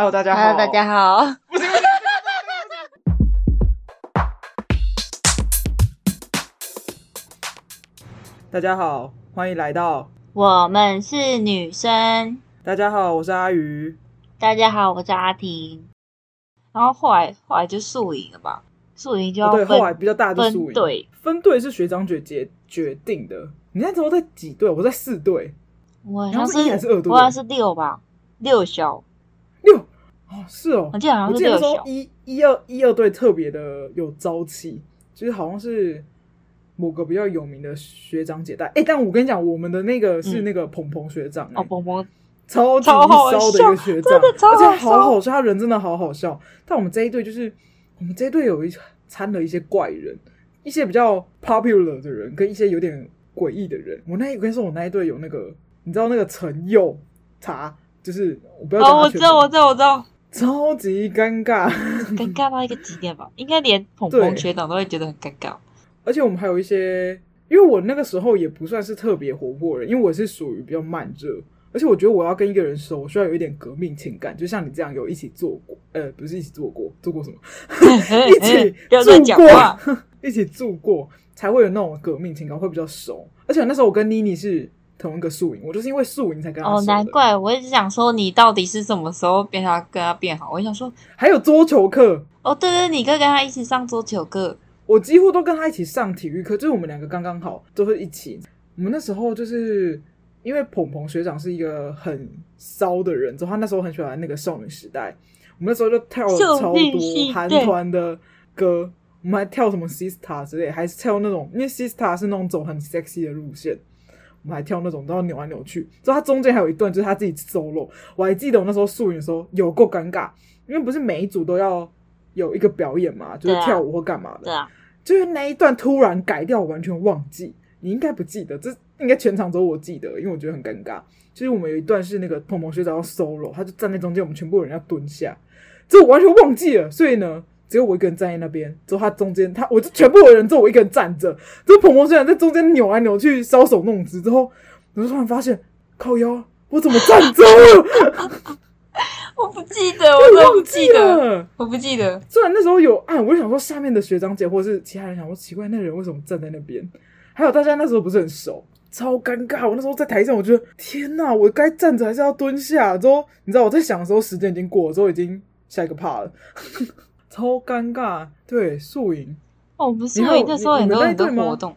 Hello，大家好。Hello, 大家好。 大家好，歡迎來到我們是女生。大家好，我是阿俞。大家好，我是阿亭。然後後來後來就宿營了吧？宿營就、哦、對後來比較大就是宿營分隊，分隊是學長姐姐決定的。你看怎麼在幾隊？我在四隊，我好像是,是還是二隊，我好像是六吧，六小。喲哦，是哦，我記得我記得說，一一二一二隊特別的有朝氣，就是好像是某個比較有名的學長姐帶，哎、欸，但我跟你講，我們的那個是那個鵬鵬學長、欸嗯，哦，鵬鵬超級騷的一個學長，而且好好笑，他人真的好好笑。但我們這一隊就是我們這一隊有一摻了一些怪人，一些比較 popular 的人，跟一些有點詭異的人。我那一，我跟你說，我那一隊有那個，你知道那個陳佑茶。就是我不要，oh, 我知道，我知道，我知道，超級尷尬，尷 尬到一個極點吧，應該連同學長都會覺得很尷尬。而且我們還有一些，因為我那個時候也不算是特別活潑的人，因為我是屬於比較慢熱，而且我覺得我要跟一個人熟，我需要有一點革命情感，就像你這樣有一起做過，呃，不是一起做過，做過什麼？ 一起住過 講話 一起住過，一起住過才會有那種革命情感，會比較熟。而且啊，那時候我跟妮妮是。同一個宿營，我就是因為宿營才跟他哦。難怪我一直想說你到底是什麼時候變他跟他變好？我想說還有桌球課哦，對，對對，你哥跟他一起上桌球課，我幾乎都跟他一起上體育課，就是我們兩個剛剛好都，就是一起。我們那時候就是因為鵬鵬學長是一個很騷的人，之後他那時候很喜歡那個少女時代，我們那時候就跳了超多韓團的歌，我們還跳什麼 Sistar 之類，還是跳那種因為 Sistar 是那種走很 sexy 的路線。我們還跳那種，然後扭來扭去，之後他中間還有一段就是他自己 solo，我還記得我那時候素顏的時候有夠尷尬，因為不是每一組都要有一個表演嘛，就是跳舞或幹嘛的，就是、對啊、對啊、那一段突然改掉，我完全忘記，你應該不記得，這應該全場只有我記得，因為我覺得很尷尬。就是我們有一段是那個彭彭學長要 solo，他就站在中間，我們全部人要蹲下，這我完全忘記了，所以呢。只有我一個人站在那邊。之後他中間，他我就全部的人，只有我一個人站着。之後鵬鵬雖然在中間扭來、啊、扭去，搔首弄姿，之後我就突然發現，靠腰，我怎麼站着？我不記得， 我怎麼不，不記得？我不記得。雖然那時候有，啊，我就想說，下面的學長姐或者是其他人想說，奇怪，那人為什麼站在那邊？還有大家那時候不是很熟，超尷尬。我那時候在台上，我覺得天吶，我該站着還是要蹲下？之後你知道我在想的時候，時間已經過了，之後已經下一個 part 了。 好，尷尬，對宿營哦，不是宿營，那時候很多很多活動，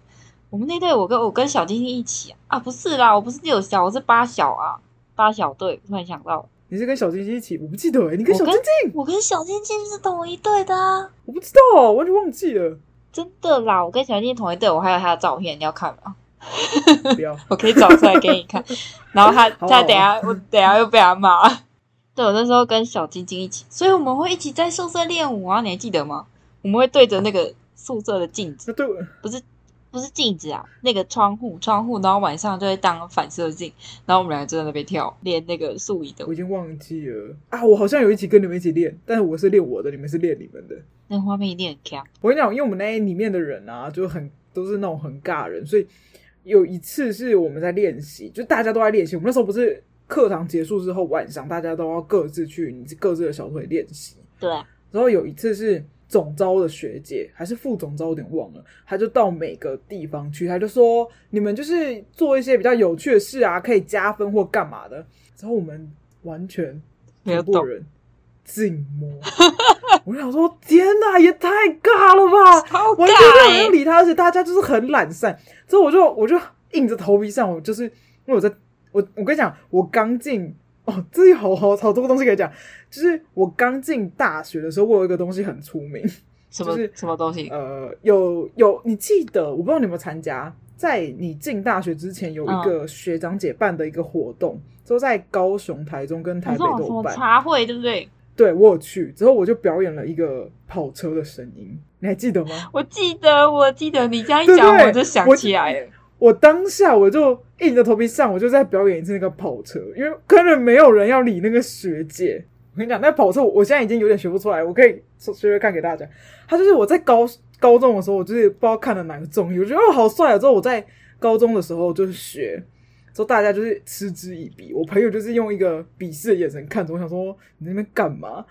我們那隊我，我跟我跟小晶晶一起啊，啊不是啦，我不是六小，我是八小啊，八小隊，突然想到你是跟小晶晶一起，我不記得、欸、你跟小晶晶，我跟小晶晶是同一隊的、啊，我不知道、啊，我就忘記了，真的啦，我跟小晶晶同一隊，我還有他的照片，你要看嗎？不要， 我可以找出來給你看， 然後他好好、啊、他等下我等下又被他罵。我那時候跟小晶晶一起，所以我們會一起在宿舍練舞啊！你還記得嗎？我們會對着那個宿舍的鏡子，啊、對，不是不是鏡子啊，那個窗戶，窗戶，然後晚上就會當反射鏡，然後我們倆就在那邊跳練那個素衣的。我已經忘記了啊！我好像有一起跟你們一起練，但是我是練我的，你們是練你們的。那、嗯、畫面一定很強。我跟你講，因為我們那裡面的人啊，就很都是那種很尬人，所以有一次是我們在練習，就大家都在練習。我們那時候不是。課堂結束之後，晚上大家都要各自去你各自的小隊練習。對啊。然後有一次是總召的學姐，還是副總召，有點忘了。他就到每個地方去，他就說：“你們就是做一些比較有趣的事啊，可以加分或幹嘛的。”之後我們完全，全部人，沒有人，靜默。我想說，天哪，也太尬了吧！完全沒有人理他，而且大家就是很懶散。之後我就我就硬着頭皮上我，我就是因為我在。我我跟你講，我剛進哦，這裡好好好多個東西可以講。就是我剛進大學的時候，我有一個東西很出名，什麼？ 就是、什麼東西？呃，有有，你記得？我不知道你有沒有參加，在你進大學之前，有一個學長姐辦的一個活動，都、哦、在高雄、台中跟台北都有辦茶會，對不對？對，我有去。之後我就表演了一個跑車的聲音，你還記得嗎？我記得，我記得。你這樣一講，我就想起來了。我當下我就硬着頭皮上，我就在表演一次那個跑車，因為根本沒有人要理那個學姐。我跟你講，那個跑車我，我現在已經有點學不出來，我可以說學學看給大家。他就是我在高高中的時候，我就是不知道看了哪個綜藝，我覺得我好帥。之後我在高中的時候就是學，之後大家就是嗤之以鼻。我朋友就是用一個鄙視的眼神看着我，想說你在那邊幹嘛？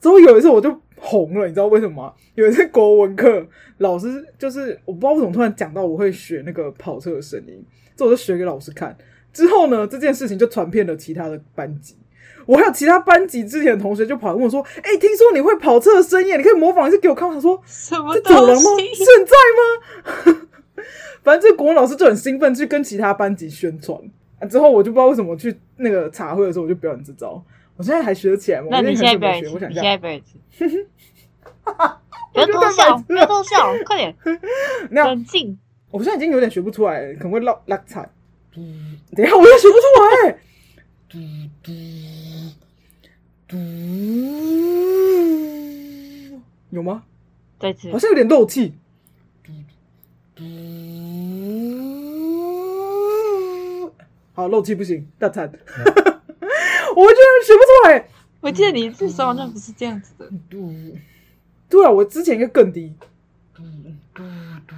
之後有一次我就紅了，你知道為什麼嗎？有一次國文課，老師就是我不知道為什麼突然講到我會學那個跑車的聲音，這我就學給老師看。之後呢，這件事情就傳遍了其他的班級。我還有其他班級之前的同學就跑跟我說：“哎、欸，聽說你會跑車的聲音，你可以模仿一次給我看。”他說：“什麼走廊嗎？這現在嗎？” 反正這國文老師就很興奮去跟其他班級宣傳。之後我就不知道為什麼去那個茶會的時候我就表演這招。我現在還學得起來嗎？那你現在不要急，我現在不要急。哈哈，不要偷笑，不要偷笑，快點，冷靜。我現在已經有點學不出來，可能會落落慘。嘟，等一下，我也學不出來。嘟嘟嘟，有嗎？再次，好像有點漏氣。嘟，好，漏氣不行，大慘。我居然學不出來！我記得你最少好像不是這樣子的。對、嗯嗯嗯嗯嗯，對啊，我之前應該更低。嘟嘟嘟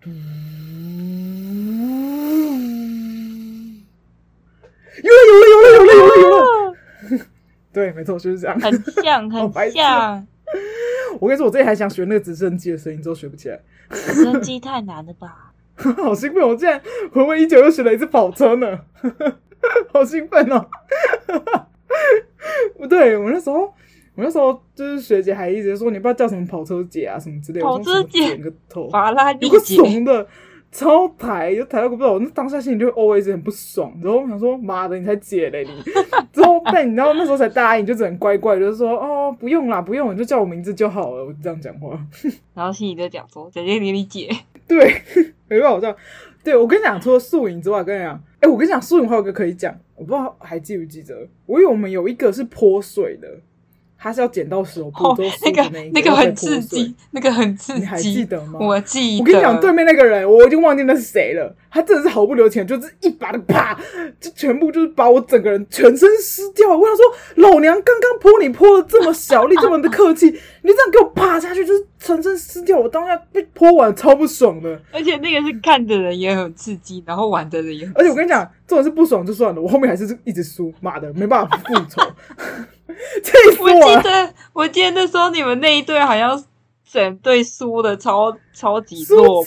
嘟嘟。有了有了有了有了有了有了！有了有了有了有了 對，沒錯，就是這樣。很像，很像。 哦啊、我跟你說，我之前還想學那個直升機的聲音，都學不起來。直升機太難了吧？ 好興奮！我竟然回味已久又學了一次跑車呢， 好興奮奮哦！不 對，我那時候，我那時候就是學姐還一直說，你不要叫什麼跑車姐啊什麼之類的，跑車姐，姐個頭，有個慫的，超台又台了不知道我，我那當下心裡就 always 很不爽，然後想說，媽的你才姐嘞你， 之後 但你知道那時候才大一，就只能乖乖就是說，哦不用啦不用，你就叫我名字就好了，我這樣講話。 然後心裡在講說，姐姐你，你理解。’對，沒辦法，我知道。對，我跟你講，除了宿營之外，跟你講，哎、欸，我跟你講，宿營還有個可以講，我不知道還記不記得，我以為我們有一個是潑水的。他是要剪到手部，oh, 那，那個那個很刺激，那個很刺激，你還記得嗎？我記，我跟你講，對面那個人，我已經忘記那是誰了。他真的是毫不留情，就是一把的啪，就全部就是把我整個人全身濕掉。我想說，老娘剛剛潑你潑的這麼小力， 你這麼的客氣，你這樣給我啪下去，就是全身濕掉。我當下被潑完超不爽的，而且那個是看的人也很刺激，然後玩的人也很刺激。而且我跟你講，這種是不爽就算了，我後面還是一直輸，媽的，沒辦法復仇。 我，我記得，我記得那時候你們那一隊好像整隊輸的超超級多，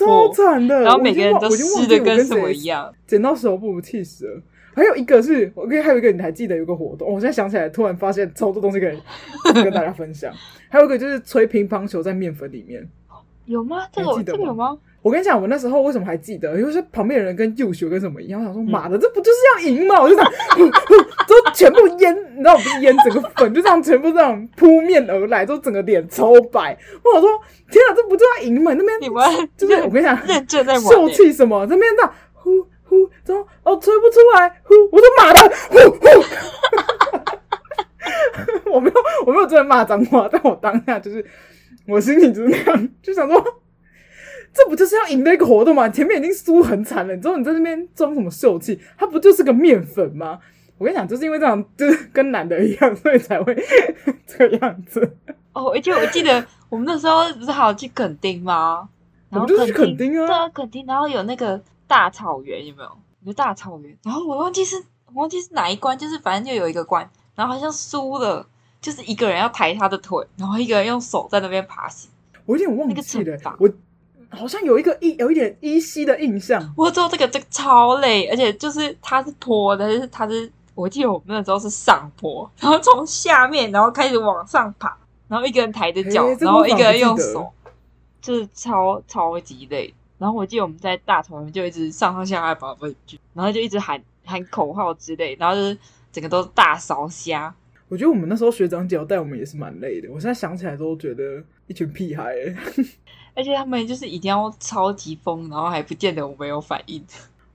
然後每個人都我的跟什麼一樣，剪刀石頭布，氣死了。還有一個是我跟還有一個你還記得有個活動、哦？我現在想起來，突然發現超多東西可以跟大家分享。 還有一個就是吹乒乓球在面粉裡面，有嗎？這個這個有嗎？我跟你講，我那時候為什麼還記得？因為是旁邊的人跟幼學跟什麼一樣，我想說，媽、嗯、的，這不就是要贏嗎？ 我就想，呼呼，都全部淹，然後不是淹整個粉，就這樣全部這樣撲面而來，就整個臉超白。我想說，天啊，這不就要贏嗎？那邊你們就是你們，我跟你講，秀氣、欸、什麼？那邊這邊這樣呼呼，然後哦，吹不出來，呼，我說媽的，呼呼。 我沒有，我沒有真的罵髒話，但我當下就是，我心裡就是那樣，就想說。這不就是要贏的一個活動嗎？前面已經輸很慘了，你知道你在那邊裝什麼秀氣？它不就是個麵粉嗎？我跟你講，就是因為這樣，就是跟男的一樣，所以才會這樣子。哦，而且我記得我們那時候不是還有去墾丁嗎？然後墾丁，墾丁啊，對啊，墾丁，然後有那個大草原，有沒有？有大草原。然後我忘記是我忘記是哪一關，就是反正就有一個關，然後好像輸了，就是一個人要抬他的腿，然後一個人用手在那邊爬行。我有點忘記了。那個好像有一個一，有一點依稀的印象。我做這個這個超累，而且就是它是坡的，但是它是我記得我們那時候是上坡，然後從下面然後開始往上爬，然後一個人抬着腳、欸，然後一個人用手，欸，這個、就是超超級累。然後我記得我們在大同就一直上上下下跑回去，然後就一直喊喊口號之類，然後就是整個都是大燒蝦。我覺得我們那時候學長姐帶我們也是蠻累的，我現在想起來都覺得一群屁孩、欸。 而且他們就是一定要超級瘋，然後還不見得我沒有反應。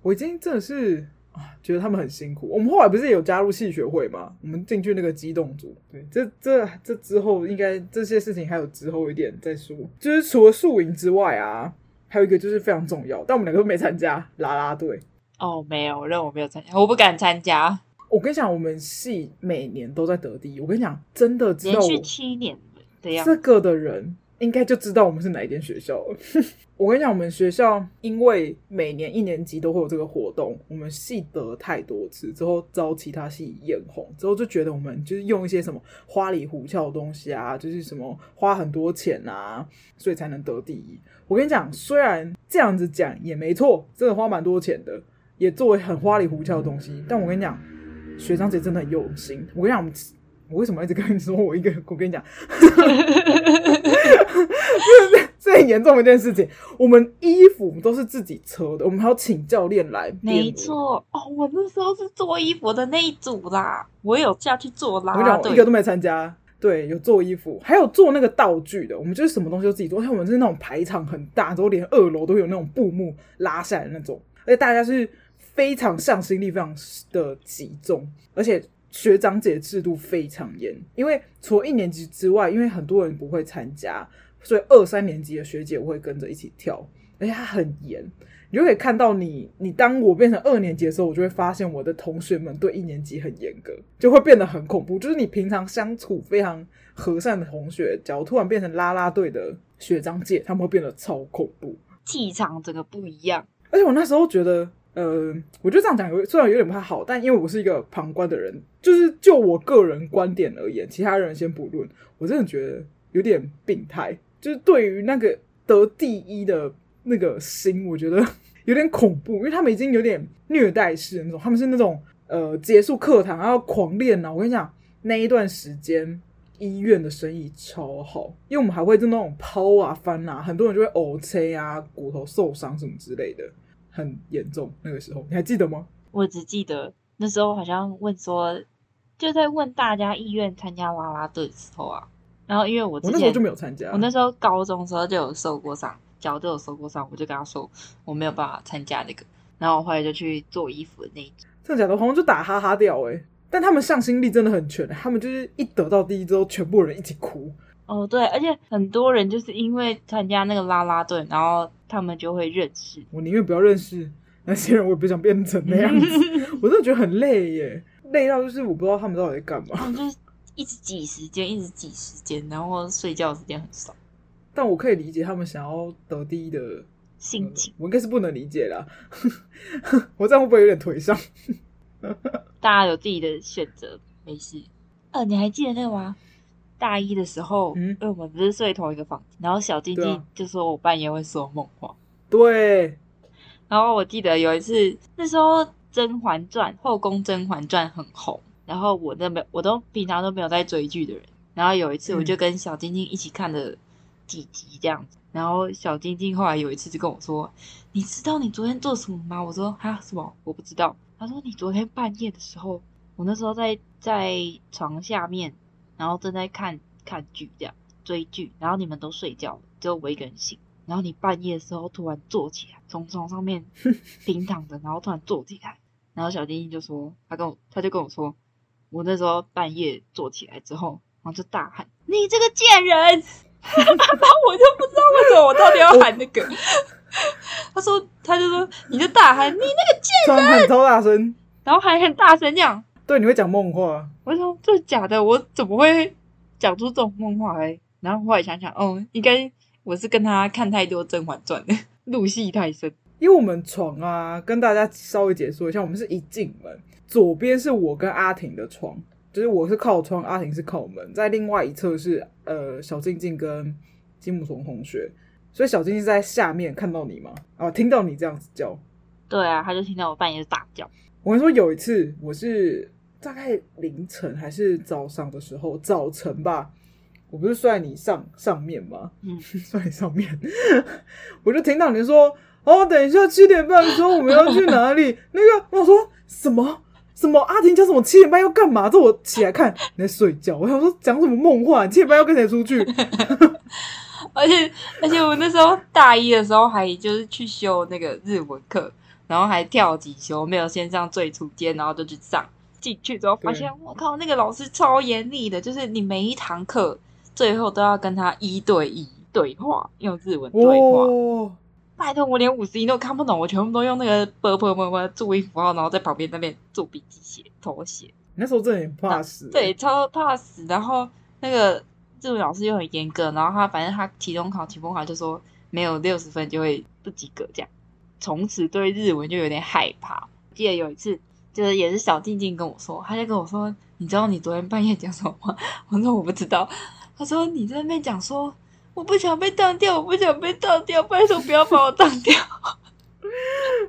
我已經真的是、啊、覺得他們很辛苦。我們後來不是有加入系學會嗎？我們進去那個機動組。對，這這這之後應，應該這些事情還有之後一點再說。就是除了宿營之外啊，還有一個就是非常重要，但我們兩個都沒參加啦啦隊。哦，沒有，那我，我沒有參加，我不敢參加。我跟你講，我們系每年都在得第一。我跟你講，真的連續七年對樣，這個的人。應該就知道我們是哪一間學校了。 我跟你講，我們學校因為每年一年級都會有這個活動，我們系得太多次之後，遭其他系眼紅之後就覺得我們就是用一些什麼花裡胡哨的東西啊，就是什麼花很多錢啊，所以才能得第一。我跟你講，雖然這樣子講也沒錯，真的花蠻多錢的，也作為很花裡胡哨的東西。但我跟你講，學長姐真的很用心。我跟你講，我為什麼一直跟你說我一個？我跟你講。 這這這很嚴重的一件事情。我們衣服，我們都是自己車的，我們還要請教練來。沒錯哦，我那時候是做衣服的那一組啦，我有下去做啦。對，我一個都沒參加。對，有做衣服，還有做那個道具的。我們就是什麼東西都自己做。像我們是那種排場很大，然後連二樓都有那種布幕拉下來的那種，而且大家是非常向心力，非常的集中，而且學長姐制度非常嚴，因為除了一年級之外，因為很多人不會參加。所以二三年級的學姐我會跟着一起跳，而且她很嚴，你就可以看到你。你當我變成二年級的時候，我就會發現我的同學們對一年級很嚴格，就會變得很恐怖。就是你平常相處非常和善的同學，假如突然變成啦啦隊的學長姐，他們會變得超恐怖，氣場整個不一樣。而且我那時候覺得，呃，我覺得這樣講雖然有點不太好，但因為我是一個旁觀的人，就是就我個人觀點而言，其他人先不論，我真的覺得有點病態。就是對於那個得第一的那個心，我覺得有點恐怖，因為他們已經有點虐待式的那種，他們是那種呃結束課堂然後狂練啊。我跟你講，那一段時間醫院的生意超好，因為我們還會在那種拋啊翻啊，很多人就會骨折啊、骨頭受傷什麼之類的，很嚴重。那個時候你還記得嗎？我只記得那時候好像問說，就在問大家意願參加啦啦隊的時候啊。然後因為我之前我那時候就沒有參加、啊，我那時候高中的時候就有受過傷，腳就有受過傷，我就跟他說我沒有辦法參加那個。然後我後來就去做衣服的那一組。一真的假的？我好像就打哈哈掉哎、欸，但他們向心力真的很全，他們就是一得到第一之後，全部人一起哭。哦，對，而且很多人就是因為參加那個啦啦隊，然後他們就會認識。我寧願不要認識那些人，我也不想變成那樣子。嗯、 我真的覺得很累耶、欸，累到就是我不知道他們到底在幹嘛。哦就是一直擠時間，一直擠時間，然後睡覺時間很少。但我可以理解他們想要得第一的心情、呃。我應該是不能理解啦。 我這樣會不會有點頹喪？ 大家有自己的選擇，沒事。呃、啊，你還記得那個嗎、啊？大一的時候，嗯，欸、我們不是睡同一個房間，然後小弟弟、啊、就說我半夜會說夢話。對。然後我記得有一次，那時候《甄嬛傳》、《後宮甄嬛傳》很紅。然後我那沒，我都平常都沒有在追劇的人。然後有一次，我就跟小晶晶一起看了幾集這樣子。嗯。然後小晶晶後來有一次就跟我說：“你知道你昨天做什麼嗎？”我說：“啊，什麼？我不知道。”他說：“你昨天半夜的時候，我那時候在在床下面，然後正在看看劇這樣追劇，然後你們都睡覺了，就我一個人醒。然後你半夜的時候突然坐起來，從床上面平躺着，然後突然坐起來。然後小晶晶就說，他跟我他就跟我說。”我那時候半夜坐起來之後，然後就大喊：“你這個賤人！” 然後我就不知道為什麼我到底要喊那個。 他說：“他就說你就大喊 你那個賤人。”超大聲，然後還很大聲這樣。對，你會講夢話。我說這是假的，我怎麼會講出這種夢話來？然後後來想想，哦、嗯，應該我是跟他看太多《甄嬛傳》入戲太深。因為我們床啊，跟大家稍微解說一下，我們是一進門，左邊是我跟阿婷的床，就是我是靠窗，阿婷是靠門，在另外一側是呃小靜靜跟金木蟲同學，所以小靜靜在下面看到你嗎？啊，聽到你這樣子叫，對啊，他就聽到我半夜是大叫。我跟你說有一次，我是大概凌晨還是早上的時候，早晨吧，我不是睡在你上上面嗎？嗯，睡在你上面， 我就聽到你說。哦，等一下，七點半的時候我們要去哪裡？ 那個我說什麼什麼阿婷叫什麼七點半要幹嘛？這我起來看你在睡覺，我想說講什麼夢話？七點半要跟誰出去？ 而且而且我們那時候大一的時候還就是去修那個日文課，然後還跳級修，沒有先上最初階，然後就去上，進去之後發現我靠，那個老師超嚴厲的，就是你每一堂課最後都要跟他一對一對話，用日文對話。哦拜託，我連五十音都看不懂，我全部都用那個波波麼麼作為符號，然後在旁邊那邊做筆記寫拖寫。那時候真的很怕死，對，超怕死。然後那個日文老師又很嚴格，然後他反正他期中考，期中考就說沒有六十分就會不及格這樣。從此對日文就有點害怕。記得有一次，就是也是小靜靜跟我說，他就跟我說，你知道你昨天半夜講什麼嗎？我說我不知道。他說你在那邊講說。我不想被當掉，我不想被當掉，拜託不要把我當掉。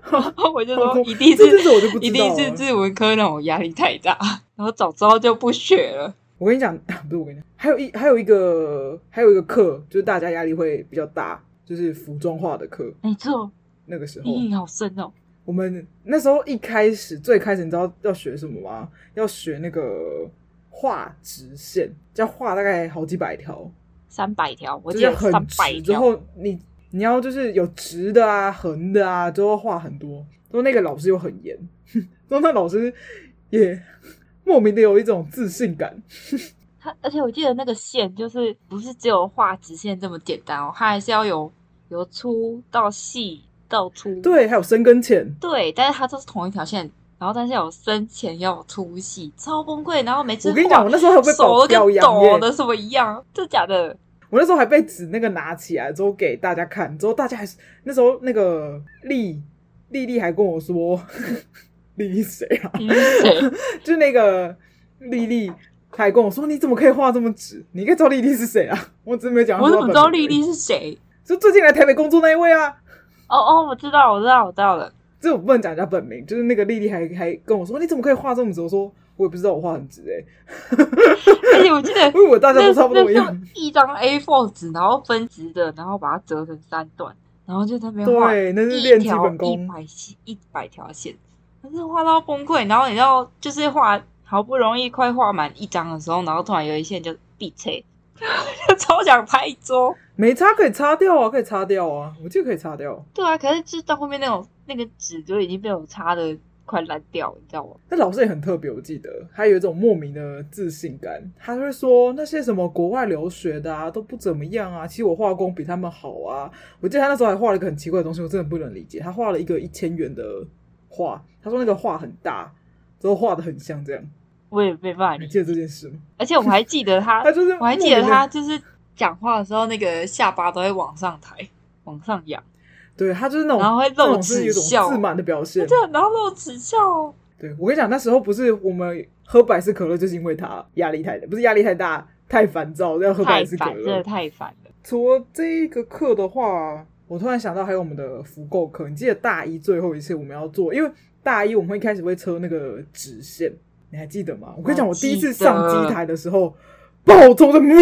然後，我就說一 這這我就，一定是，一定是這門課讓我壓力太大，然後早知道就不學了。我跟你講，不、啊、是我跟你講，還有一還有一個還有一個課，就是大家壓力會比較大，就是服裝化的課。沒錯，那個時候印象、嗯、好深哦、喔。我們那時候一開始最開始，你知道要學什麼嗎？要學那個畫直線，要畫大概好幾百條。三百條，我記得有300就得、是、很直。然後你你要就是有直的啊、橫的啊，之後畫很多。然後那個老師又很嚴，然後他老師也莫名的有一種自信感。他而且我記得那個線就是不是只有畫直線這麼簡單哦、喔，他還是要有由粗到細到粗。對，還有深跟淺。對，但是它就是同一條線，然後但是有深淺，要有粗細，超崩潰。然後每次我跟你講，我那時候被手都跟抖的什麼一樣，這假的？我那時候還被紙那個拿起來之後給大家看，之後大家還是那時候那個麗麗麗還跟我說：“麗麗是誰啊？麗麗就那個麗麗還跟我說：“你怎麼可以畫這麼直？你應該知道麗麗是誰啊？”我真沒講。我怎麼知道麗麗是誰？就最近來台北工作那一位啊！哦哦，我知道，我知道，我知道了。就我不能講人家本名，就是那個麗麗還還跟我說：“你怎麼可以畫這麼直？”我說。我也不知道我畫很直哎、欸， 而且我記得，因 為我大家都差不多用一張 A4 紙，然後分直的，然後把它折成三段，然後就特別畫，對，那是練基本功，一百線，一百條線，可是畫到崩潰，然後你知道，就是畫好不容易快畫滿一張的時候，然後突然有一線就閉切，就 超想拍桌。沒差可以擦掉啊，可以擦掉啊，我記得可以擦掉。對啊，可是就到後面那種那個紙就已經被我擦的。快爛掉，你知道嗎？那老師也很特別，我記得他有一種莫名的自信感。他就會說那些什麼國外留學的啊，都不怎麼樣啊，其實我畫工比他們好啊。我記得他那時候還畫了一個很奇怪的東西，我真的不能理解。他畫了一個一千元的畫，他說那個畫很大，之後畫的很像這樣。我也沒辦法理解，你記得這件事嗎？而且我們還記得他， 他，我還記得他就是講話的時候那個下巴都會往上抬，往上仰。對，他就是那種，然後會露齒笑，自滿的表現。哦、對，然後露齒笑。對，我跟你講，那時候不是我們喝百事可樂，就是因為他壓力太，不是壓力太大，太煩躁，要喝百事可樂。真的太煩了。除了這個課的話，我突然想到還有我們的福購課。你記得大一最後一次我們要做，因為大一我們會一開始會測那個直線，你還記得嗎？我跟你講，我第一次上機台的時候，暴揍的命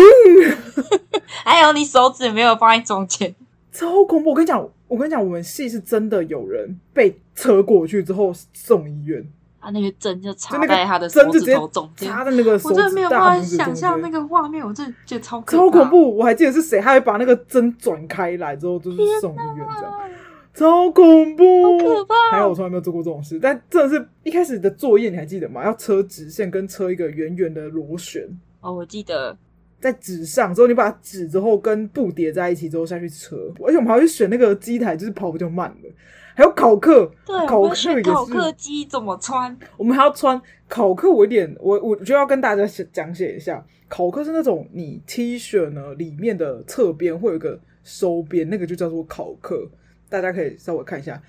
還有你手指沒有放在中間。超恐怖！我跟你講，我跟你講，我們系是真的有人被車過去之後送醫院，啊，那個針就插在他的手指是直接總插在那個手指中，我真的沒有辦法想象那個畫面，我真的覺得超超恐怖！我還記得是誰，他還把那個針轉開來之後就是送醫院這樣，啊，超恐怖，好，還好我從來沒有做過這種事，但真的是一開始的作業你還記得嗎？要車直線跟車一個圓圓的螺旋哦。我記得。在紙上之後，你把紙之後跟布疊在一起之後下去扯，而且我們還要選那個機台，就是跑步比較慢的。還有考克，對，考克，考克機怎麼穿？我們還要穿考克，我一點我我就要跟大家講解一下，考克是那種你 T 恤呢裡面的側邊會有一個收邊，那個就叫做考克，大家可以稍微看一下。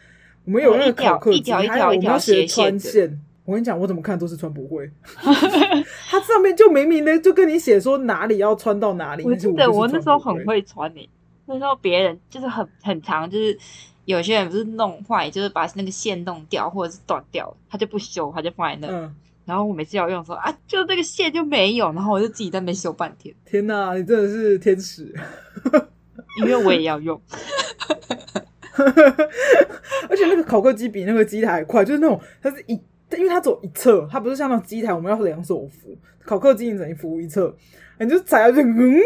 我們有那個考克，講一下，我們要學穿線。我跟你講，我怎麼看都是穿不會。它 上面就明明呢，就跟你寫說哪裡要穿到哪裡。我記得、就是、我那時候很會穿呢、欸。那時候別人就是很很常，就是有些人不是弄壞，就是把那個線弄掉或者是斷掉，他就不修，他就放在那。嗯、然後我每次要用的時候啊，就這個線就沒有，然後我就自己在那邊修半天。天哪，你真的是天使。 因為我也要用。 而且那個拷克機，比那個機台還快，就是那種它是一。因為它走一側，它不是像那種機台，我們要兩手扶。拷克機你只能扶一側，你就踩下去，嗯，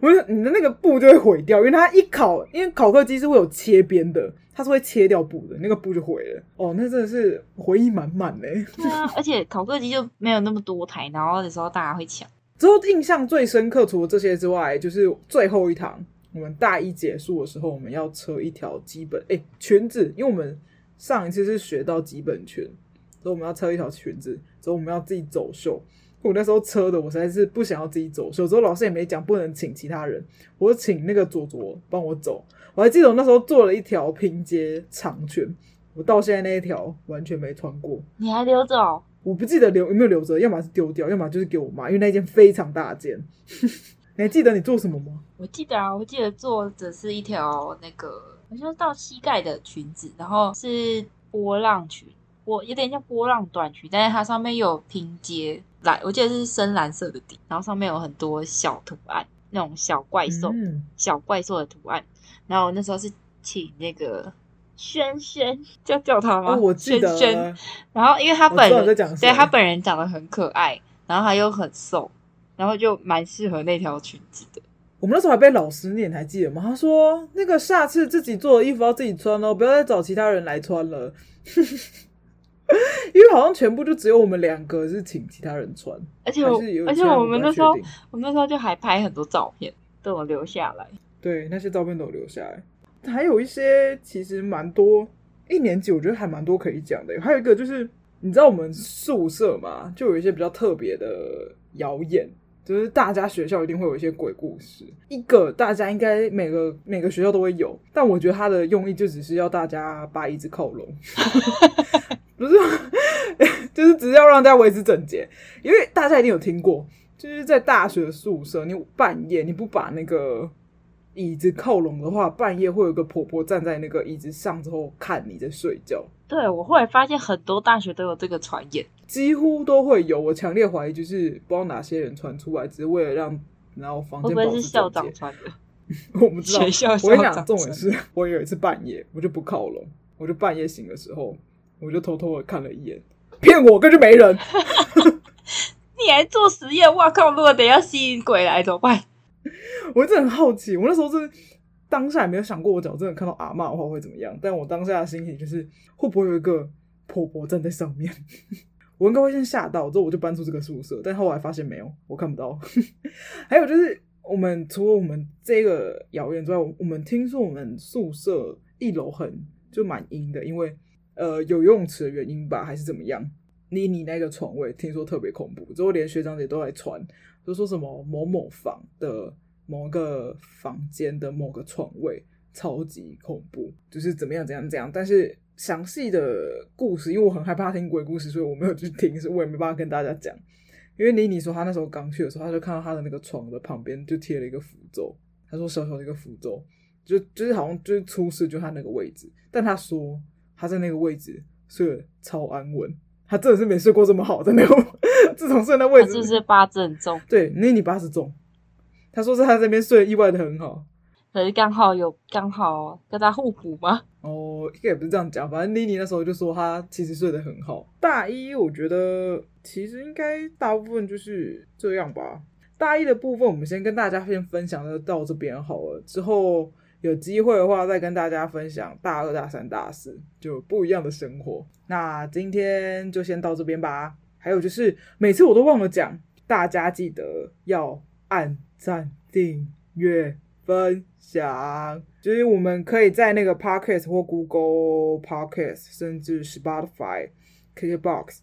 我就你的那個布就會毀掉，因為它一拷，因為拷克機是會有切邊的，它是會切掉布的，那個布就毀了。哦，那真的是回憶滿滿嘞。對啊，而且拷克機就沒有那麼多台，然後的時候大家會搶。之後印象最深刻，除了這些之外，就是最後一堂，我們大一結束的時候，我們要車一條基本誒裙，欸、子，因為我們上一次是學到基本裙。所以我們要車一條裙子，所以我們要自己走秀。我那時候車的，我實在是不想要自己走秀，所以之後老師也沒講不能請其他人，我就請那個左左幫我走。我還記得我那時候做了一條拼接長裙，我到現在那一條完全沒穿過。你還留著哦？我不記得留有沒有留着，要麼是丟掉，要麼就是給我媽，因為那一件非常大件。 你還記得你做什麼嗎？我記得啊，我記得做的是一條那個好像到膝蓋的裙子，然後是波浪裙。我有點像波浪短裙，但是它上面有拼接藍，藍我記得是深藍色的底，然後上面有很多小圖案，那種小怪獸、嗯、小怪獸的圖案。然後那時候是請那個軒軒，叫叫他嗎？哦、我記得軒。然後因為他本人對他本人長得很可愛，然後他又很瘦，然後就蠻適合那條裙子的。我們那時候還被老師念，還記得嗎？他說：“那個下次自己做的衣服要自己穿哦，不要再找其他人來穿了。 ” 因為好像全部就只有我們兩個是請其他人穿，而且我，還是，有我還，而且我們那時候，我們那時候就還拍很多照片，都有留下來。對，那些照片都有留下來。還有一些，其實蠻多，一年級我覺得還蠻多可以講的、欸。還有一個就是，你知道我們宿舍嘛，就有一些比較特別的謠言，就是大家學校一定會有一些鬼故事。一個大家應該每個每個學校都會有，但我覺得他的用意就只是要大家把椅子靠攏。 不是，就是只是要讓大家維持整潔，因為大家一定有聽過，就是在大學宿舍，你半夜你不把那個椅子靠攏的話，半夜會有個婆婆站在那個椅子上之後看你在睡覺。對，我後來發現，很多大學都有這個傳言，幾乎都會有。我強烈懷疑，就是不知道哪些人傳出來，只是為了讓然後房間保持整潔。會不會是校長傳的？ 我不知道。學校,校長。我也想，重點是，我有一次半夜，我就不靠攏，我就半夜醒的時候。我就偷偷的看了一眼，騙我根本就沒人。 你還做實驗，哇靠！如果等下吸引鬼來怎麼辦？ 我一直很好奇，我那時候真當下也沒有想過，我只要真的看到阿嬤的話會怎麼樣。但我當下的心情就是會不會有一個婆婆站在上面？ 我應該會先嚇到之後，我就搬出這個宿舍。但後來發現沒有，我看不到。 還有就是，我們除了我們這個謠言之外，我們聽說我們宿舍一樓很就蠻陰的，因為。呃，有游泳池的原因吧，還是怎麼樣？妮妮那個床位聽說特別恐怖，之後連學長姐都來傳，就說什麼某某房的某個房間的某個床位超級恐怖，就是怎麼樣怎樣怎樣。但是詳細的故事，因為我很害怕聽鬼故事，所以我沒有去聽，所以我也沒辦法跟大家講。因為妮妮說她那時候剛去的時候，她就看到她的那個床的旁邊就貼了一個符咒，她說小小的一個符咒，就就是好像就是出事就她那個位置，但她說。他在那個位置睡得超安穩，他真的是沒睡過這麼好，真、那個、 的。自從睡那個位置，就是八字很重。對，妮妮八字重，他說是他在那邊睡得意外的很好。可是剛好有剛好跟他互補嗎？哦，應該也不是這樣講，反正妮妮那時候就說他其實睡得很好。大一我覺得其實應該大部分就是這樣吧。大一的部分我們先跟大家先分享到這邊好了，之後。有機會的話，再跟大家分享大二、大三、大四就不一樣的生活。那今天就先到這邊吧。還有就是，每次我都忘了講，大家記得要按讚、訂閱、分享。就是我們可以在那個 Podcast 或 Google Podcast，甚至 Spotify、KKBOX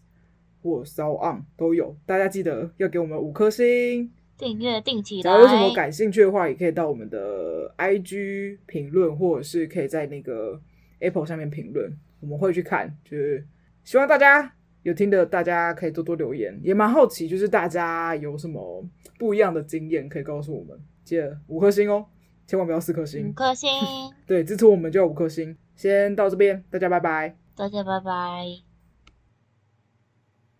或 SoundOn 都有。大家記得要給我們五顆星。訂閱定期，只要有什麼感興趣的話，也可以到我們的 IG 評論，或者是可以在那個 Apple 上面評論，我們會去看。就是希望大家有聽的，大家可以多多留言，也蠻好奇，就是大家有什麼不一樣的經驗可以告訴我們。記得五顆星哦，千萬不要四顆星。五顆星， 對，支持我們就要五顆星。先到這邊，大家拜拜。大家拜拜。